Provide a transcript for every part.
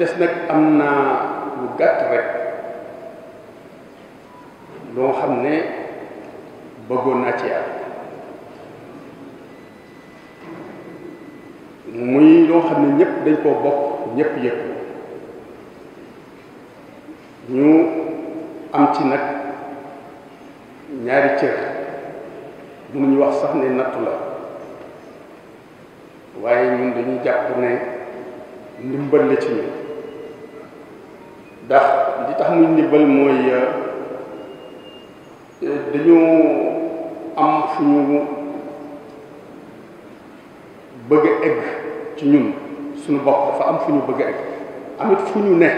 des nag am naa lu gàtt rek loo xam ne bëggoon naa ci yàlla muy loo xam ne ñëpp dañ koo bokk ñëpp yëpp ñu am ci nag ñaari cër mënuñu wax sax ne nattu la waaye ñun dañuy jàpp ne ndimbal la ci ñun ndax li tax muy ndimbal mooy euh, euh, dañu am fu ñu bëgg a egg ci ñun suñu bopp dafa am fu ñu bëgg a egg amit fu ñu ne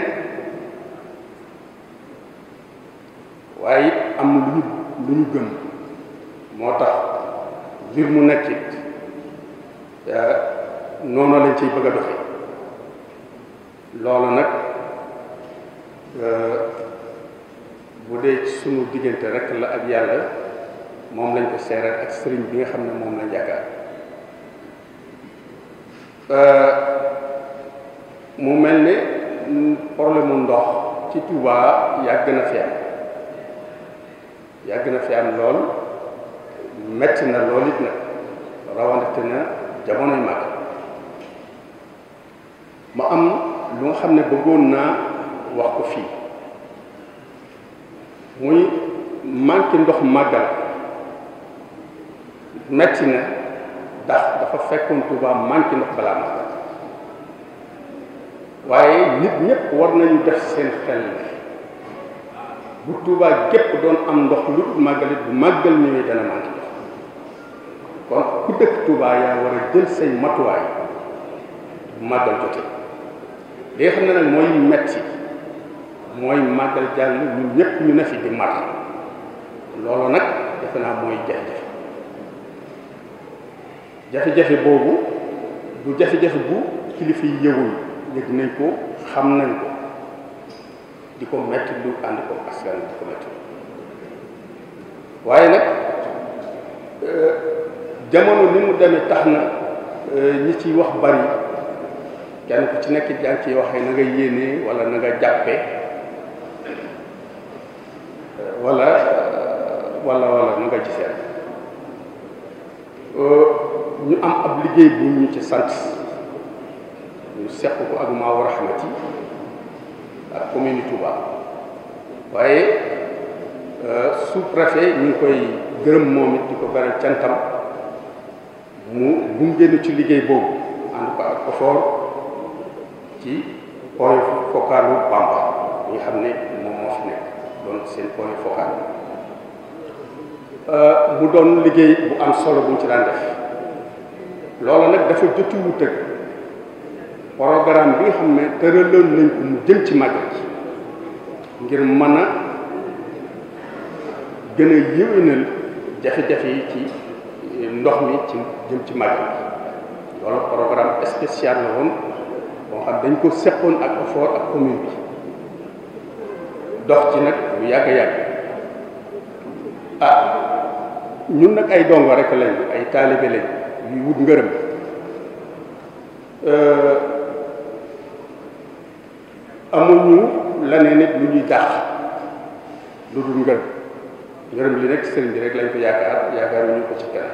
waaye am lu ñu lu ñu gëm moo tax ngir mu nekk it euh, noonu lañ ciy bëgg a doxe loolu nag Euh, bu dee ci sunu diggante rek la ak yàlla moom lañ ko seeral ak bi nga xam ne moom lañ yaakaar euh, mu mel ne problème mu ndox ci Touba yàgg na fi am yàgg na fi am lool metti na lool it nag rawandate na jamonoy mag ma am lu nga xam ne bëggoon na wax ko fii muy manqué ndox màggal metti na ndax dafa fekkoon Tuuba manqué ndox balaa màggal waaye nit ñépp war nañu def seen xel bu Tuuba képp doon am ndox lu màggalit bu màggal ñëwee dana manqué ndox kon ku dëkk Tuuba yaa war a jël say matuwaay màggal jotee li xam ne nag mooy metti mooy màggal jàll ñun ñëpp ñu ne fi di mar loolu nag defe naa mooy jafe-jafe jafe-jafe boobu du jafe-jafe bu kilifa yi yëgul yëg nañ ko xam nañ ko di ko metti lu ànd ko askan di ko metti waaye nag euh, jamono ni mu demee tax na euh, ñi ciy wax bari kenn ku ci nekk yaa ngi ciy waxee na nga yéenee wala na nga wala wala wala ñu nga ci euh, ñu am ab liggéey bu ñu ci sant ñu seq ko ak Maawu Rahmati ak commune Touba waaye euh, sous-préfet ñu ngi koy gërëm moom it di ko beral cantam mu gunge ci liggéey boobu ànd ko ak effort ci oyof fokkaalu Bamba ñi xam ne moom moo fi nekk doon seen point focal euh, mu doon liggéey bu am solo bu ñu ci daan def loolu nag dafa jotu wu tëg bi nga xam ne tëraloon nañ ko mu jëm ci màggal ci ngir mën a gën a yéwénal jafe-jafe yi ci euh, ndox mi ci jëm ci màggal bi loolu programme spécial la woon boo xam dañ ko seqoon ak effort ak commune bi dox ci nag bu yàgg yàgg ah ñun nag ay dongo rek lañ ay taalibe lañ yu wut ngërëm eh, ñu leneen nit lu ñuy dàq lu dul ngërëm ngërëm li rek sëriñ bi rek lañ ko yaakaar yaakaaruñu ko ci kenn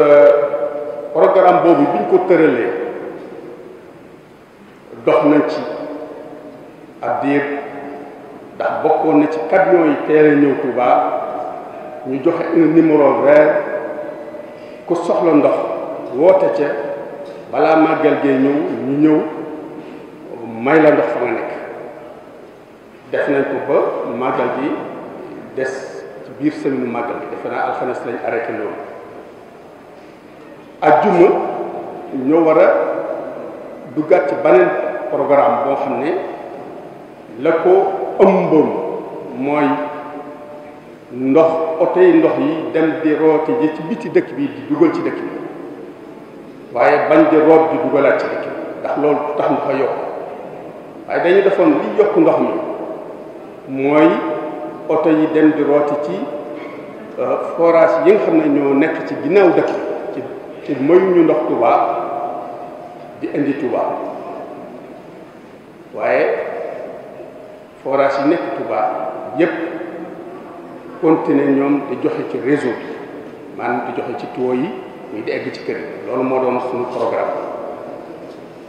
eh, programme boobu bi ñu ko tëralee bokkoon na ci camion yi teel ñu joxe un numéro ku soxla ndox woote ca balaa màggal gee ñëw ñu ñëw may la ndox fa nga nekk def nañ ko ba màggal gi des biir semaine màggal gi defe naa alxames lañ arrêté loolu ajjuma ñoo war a duggaat ci beneen programme boo xam ne la ko ëmboon mooy ndox oto yi ndox yi dem di roote yi ci biti dëkk bi di dugal ci dëkk bi waaye bañ di root di dugalaat ci dëkk bi ndax loolu tax ndox a yokk waaye dañu defoon li yokk ndox mi mooy oto yi dem di rooti ci euh, forage yi nga xam ne ñoo nekk ci ginnaaw dëkk ci ci ndox Touba di indi Touba waaye forage yi nekk Touba yépp continuer ñoom di joxe ci réseau bi maanaam di joxe ci tuyau yi muy di egg ci kër yi loolu moo doon suñu programme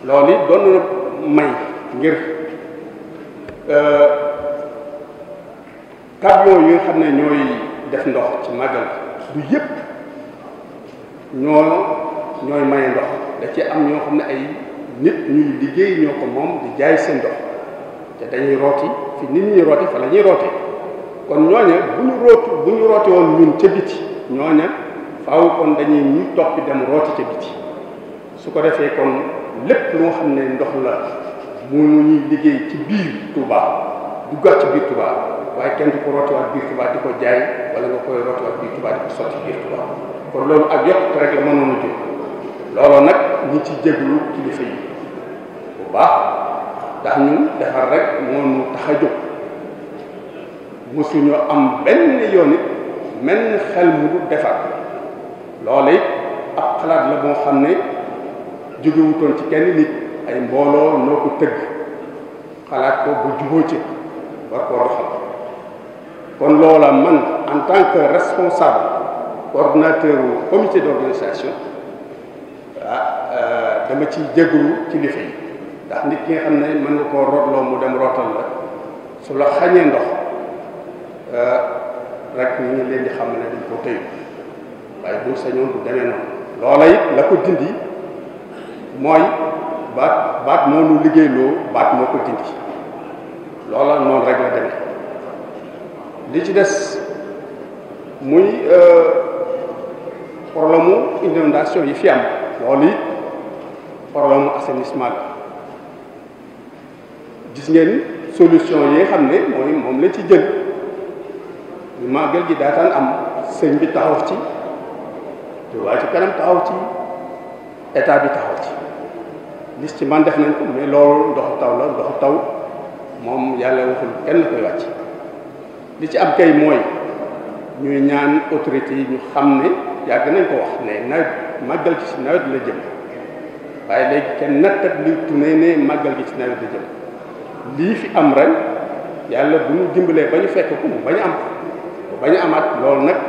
loolu it doon na may ngir euh, camion yi xam ne ñooy def ndox ci màggal du yépp ñoo ñooy maye ndox da ci am ñoo xam ne ay nit ñuy liggéey ñoo ko moom di jaay seen ndox te dañuy rooti fi nit ñi rooti fa la ñuy rooti kon ñooña bu ñu rooti bu ñu rooti woon ñun ca biti ñooña faaw kon dañuy ñu toppi dem rooti ca biti su ko defee kon lépp lu xam ne ndox la mu ñuy liggéey ci biir Touba duggaat ci biir Touba waaye kenn du ko rootiwaat biir Touba di ko jaay wala nga koy rootiwaat biir Touba di ko sotti biir Touba kon loolu ak yokk rek la mënoon jóg looloo nag ñi ci jéglu kilifa yi bu baax ndax ñun defar rek moo ñu tax a jóg mosuñu am benn yoon it menn xel mu defar loola it ab xalaat la boo xam ne jógewutoon ci kenn nit ay mbooloo noo ko tëgg xalaat ko bu jubóo ci war koo doxal kon loola man en tant que responsable coordonnateur comité d'organisation ah euh, dama ci jégalu ci lifa yi ndax nit ki nga xam ne mën nga koo rootloo mu dem rootal la su la xañee ndox euh, rek ñu ngi leen di xam ne dañ ko tëyu waaye bu sañoon du demee noonu loola it la ko dindi mooy baat baat moo nu liggéey loo baat moo ko dindi loola noonu rek la demee li ci des muy euh, problème mu inondation yi fi am loolu it problème mu assainissement bi gis ngeen solution yi xam ne mooy moom lañ ci jël màggal gi daataan am sëñ bi taxaw ci Touba ci Kanam taxaw ci état bi taxaw ci lis ci man def nañ ko mais loolu ndoxu taw la ndoxu taw moom yàlla waxul kenn koy wàcc li ci am kay mooy ñuy ñaan autorité yi ñu xam ne yàgg nañ ko wax ne nawet màggal gi ci nawet la jëm waaye léegi kenn nattat luy tune ne màggal gi ci nawet la jëm lii fi am ren yàlla bu ñu dimbalee ba ñu fekk ko mu bañ am mu bañ a amaat lool nag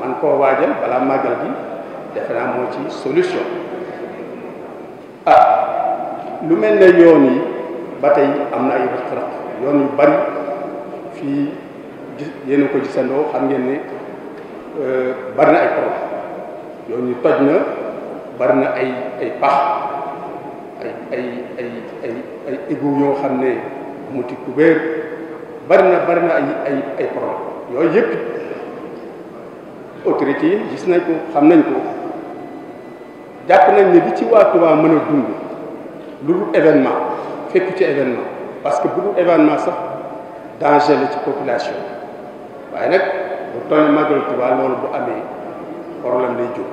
man koo waajal balaa màggal gi defe naa moo ci solution ah lu mel ne yoon yi ba tey am na ay rëq-rëq yoon yu bari fii gis yéen ko gisandoo xam ngeen ni euh, bari na ay problème yoon toj na bari na ay ay pax ay ay ay ay ay yoo xam ne mu ti ku wéer bari na bari na ay ay ay problème yooyu yëpp autorité yi gis nañ ko xam nañ ko jàpp nañ ne li ci waa Touba mën a dund lu dul événement fekk ci événement parce que bu dul événement sax danger la ci population waaye nag bu toll magal Touba loolu bu amee problème lay jóg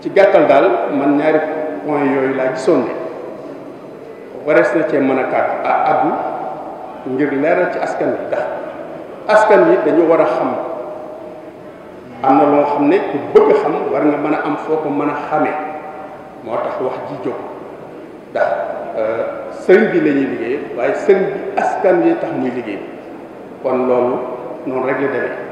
ci gàttal daal man ñaari point yooyu laa gisoon ne warees na cee mën a kàddu a addu ngir leeral ci askan wi ndax askan wi dañu war a xam am na loo xam ne ku bëgg xam war nga mën a am foo ko mën a xamee moo tax wax ji jóg ndax euh, sëriñ bi lañuy liggéey waaye sëriñ bi askan wi tax muy liggéey kon loolu noonu rek la